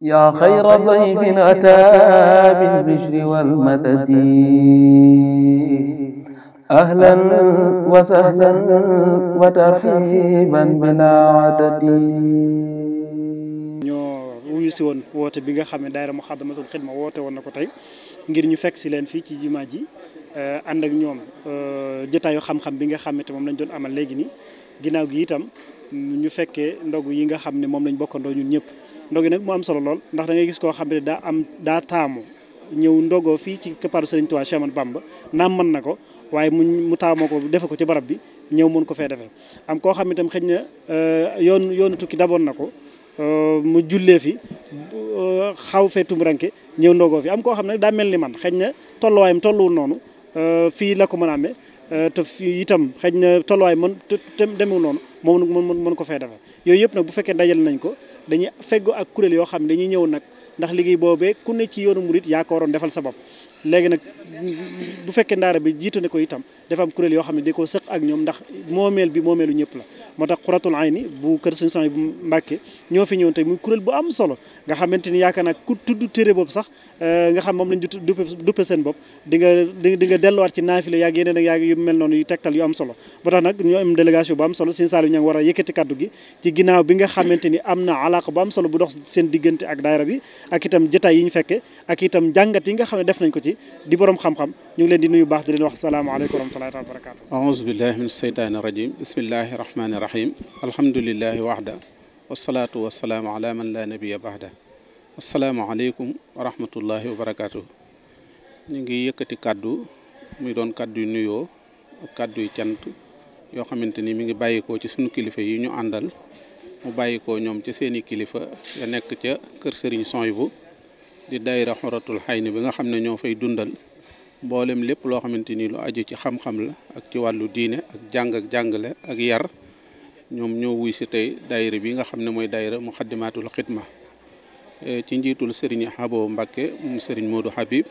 yaa xayra dayfin ataa bil bishri wal madadi ahlan wa sahlan wa tarxiiban bilaa adadi ñoo wuyu si woon woote bi nga xam ne daayira Muxaddamatul Xidma woote woon na ko tey ngir ñu fekk si leen fii ci jumaa ji euh, ànd ak ñoom euh, jotaayu xam-xam bi nga xam ne te moom lañ doon amal léegi nii ginnaaw gi itam ñu fekkee ndogu yi nga xam ne moom lañ bokkandoo ñun ñëpp ndog nag mu am solo lool ndax da gis koo xam ne daa am daa taamu ñëw ndogoo fii ci këppaaru Sëriñ Tuubaa Cheikh Ahmadou Bamba naam mën na ko waaye mu mu taamoo ko defe ko ci barab bi ñëw mën ko fee defee am koo xam ne itam xëy na euh, yoon yoonu tukki daboon na ko euh, mu jullee fi euh, xaw fee tumuranke ñëw ndogoo fi am koo xam ne daa mel ni man xëy na tolluwaayam tolluwul noonu fii la ko mën a te fii itam xëy na tolluwaay man demewul noonu moom mën mën ko fee defee yooyu yëpp nag bu fekkee dajal nañ ko dañuy feggoo ak kuréel yoo xam ne dañuy ñëw nag ndax liggéey boobee ku ne ci yoonu murit yaa ko waroon defal sa bopp léegi nag bu fekkee ndaara bi jiitu ne ko itam dafa am kuréel yoo xam ne di ko sëq ak ñoom ndax moomeel bi moomeelu ñëpp la moo tax xuratul ayni bu kër sëñ euh, nag ñoo am am solo sëñ Saliou war a yëkkati kaddu gi ci ginnaaw bi nga xamante am na alaqa bu am solo bu dox seen diggante ak daayira bi ak itam jotaay yi fekke ak itam jàngat nga xam def nañ ko ci di xam-xam ñu leen di nuyu baax di leen wax salaamaaleykum wa rahmatullahi wa barakatu rahim alhamdulilahi waxda wasalaatu wasalaamu ala man la nabiya baax asalaamaaleykum wa rahmatullahi wa barakaatu. ñu ngi yëkkati kàddu muy doon kàddu nuyoo ak kàddu yu cant yoo xamante ni mi ngi bàyyikoo ci sunu kilifa yi ñu àndal mu bàyyikoo ñoom ca seeni kilifa ya nekk ca kër sëriñ Soyibu di daayira xoratul xayni bi nga xam ne ñoo fay dundal mboolem lépp loo xamante ni lu aju ci xam-xam la ak ci wàllu diine ak jàng ak jàngale ak yar ñoom ñoo wuy si tey daayira bi nga xam ne mooy daayira Muxaddamaatul Xidma eh, ci njiitul sëriñ Abo Mbàkke moom sëriñ Modou Habib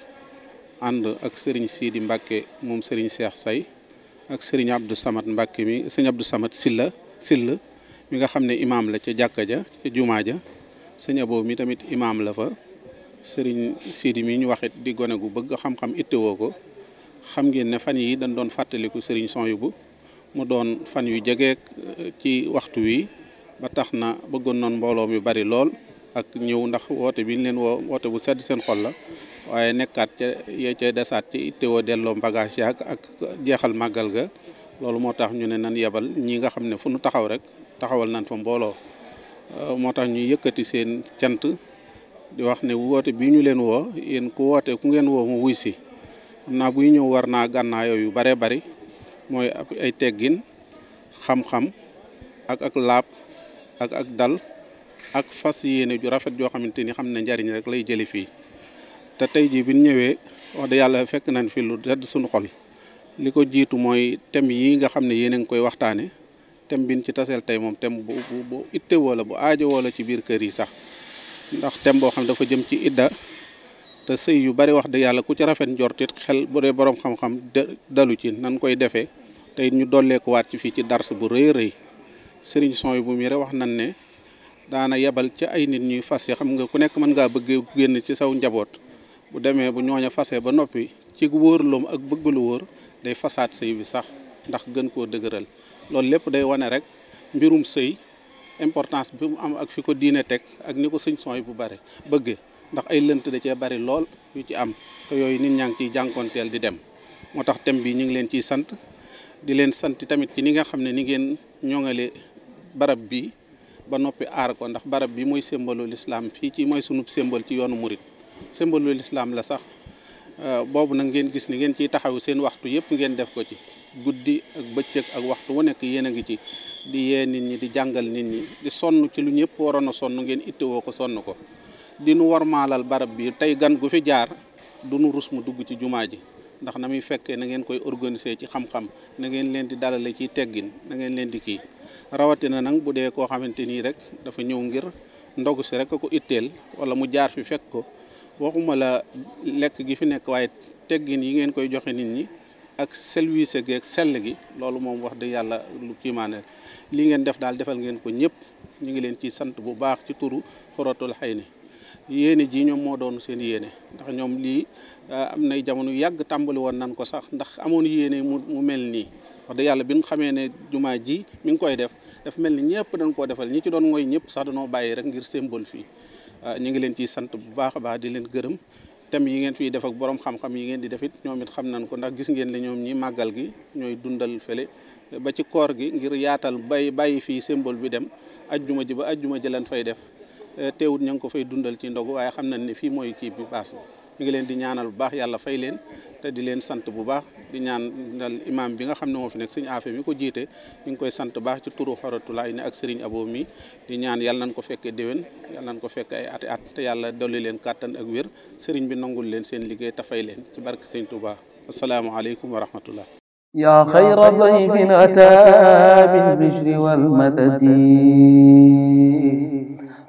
ànd ak sëriñ Sidi Mbàkke moom sëriñ Seex Say ak sëriñ Abdou Samad Mbàkke mi sëriñ Abdou Samad Silla Silla mi nga xam ne imaam la ca jàkka ja ca jumaa ja sëriñ Abo mi tamit imaam la fa sëriñ Sidi mi ñu waxit di gone gu bëgg xam-xam ittewoo ko xam ngeen ne fan yi dañ doon fàttaliku sëriñ Sonyubu mu doon fan yu jege eh, ci waxtu wi ba tax na bëggoon noon mbooloo mi bari lool ak ñëw ndax woote bi ñu leen woo woote bu sedd seen xol la waaye nekkaat ca yee ca desaat ci ittewoo delloo bagage yaag ak jeexal màggal ga loolu moo tax ñu ne nan yebal ñi nga xam ne fu nu taxaw rek taxawal nan fa mbooloo eh, moo tax ñu yëkkati seen cant di wax ne woote bi ñu leen woo yéen ku woote ku ngeen woo mu wuy si xam naa buy ñëw war naa gànnaayoo yu bare bari mooy ay teggin xam-xam ak ak laab ak ak dal ak fas yéene ju rafet joo xamante ni xam ne njariñ rek lay jëli fii te tey jii bi ñëwee wax dëgg yàlla fekk nañ fi lu sedd suñu xol li ko jiitu mooy thème yi nga xam ne yéen a ngi koy waxtaane thème bin ci taseel tey moom thème bu bu itte wala bu aajo wala ci biir kër yi sax ndax tem boo xam dafa jëm ci idda te sëy yu bari wax dëgg yàlla ku ci rafet njortit xel bu dee boroom xam-xam dalu ci nan koy defee tey ñu dolleekuwaat ci fii ci dars bu rëy rëy sëriñ son yi bu mu wax nan ne daana yebal ci ay nit ñuy fas fase xam nga ku nekk mën ngaa bëgg génn ci saw njaboot bu demee bu ñooña fasee ba noppi ci wóorloom ak bëgg lu wóor day fasaat sëy bi sax ndax gën koo dëgëral loolu lépp day wane rek mbirum sëy importance bi mu am ak fi ko diine teg ak ni ko sëñ son yi bu bare bëgge ndax ay lënt da cee bari lool yu ci am te yooyu nit ñaa ngi ciy jànkoonteel di dem di leen sant tamit ci ni nga xam ne ni ngeen ñoŋale barab bi ba noppi aar ko ndax barab bi mooy sémbalu lislaam fii ci mooy sunub sémbal ci yoonu murit sémbalu lislaam la sax euh, boobu nag ngeen gis ni ngeen ciy taxaw seen waxtu yëpp ngeen def ko ci guddi ak bëccëg ak waxtu wu nekk yéen a ngi ci di yee nit ñi di jàngal nit ñi di sonn ci lu ñëpp waroon a sonn ngeen ittewoo ko sonn ko di nu warmaalal barab bi tey gan gu fi jaar du nu rus mu dugg ci jumaa ji ndax na muy fekkee na ngeen koy organiser ci xam-xam na ngeen leen di dalale ci teggin na ngeen leen di kii rawatina nag bu dee koo xamante nii rek dafa ñëw ngir ndogu si rek ko itteel wala mu jaar fi fekk ko waxuma la lekk gi fi nekk waaye teggin yi ngeen koy joxe nit ñi ak service gi ak sell gi loolu moom wax dëgg yàlla lu kiimaane li ngeen def daal defal ngeen ko ñëpp ñu ngi leen ci sant bu baax ci turu xoratul xay ni yéene ji ñoom moo doon seen yéene ndax ñoom lii euh, am nay jamono yàgg tàmbali woon nan ko sax ndax amoon yéene mu mu mel nii wax dëgg yàlla bi ñu xamee ne jumaa ji mi ngi koy def daf mel ni ñëpp dañ koo defal ñi ci doon mooy ñëpp sax dañoo bàyyi rek ngir symbole fii euh, ñu ngi leen ciy sant bu baax a baax di leen gërëm thème yi ngeen fii def ak borom xam-xam yi ngeen di def it ñoom it xam nañ ko ndax gis ngeen li ñoom ñi màggal gi ñooy dundal fële ba ci koor gi ngir yaatal bay bàyyi fii symbole bi dem juma ji ba juma ji leen fay def Eh, teewut ña ngi ko fay dundal ci ndogu waaye xam nañ ne fii mooy kii bi baas bi ngi leen di ñaanal bu baax yàlla fay leen te di leen sant bu baax di ñaanal imaam bi nga xam ne moo fi nekk sëñ Afe mi ko jiite ñu ngi koy sant bu baax ci turu xoratulaay ne ak sëriñ Abo mi di ñaan yàlla nañ ko fekkee déwén yàlla nañ ko fekk ay ati at te yàlla dolli leen kàttan ak wér sëriñ bi nangul leen seen liggéey te fay leen ci barke sëñ Touba asalaamualeykum wa rahmatullah yaa xayra dayfin ataa bil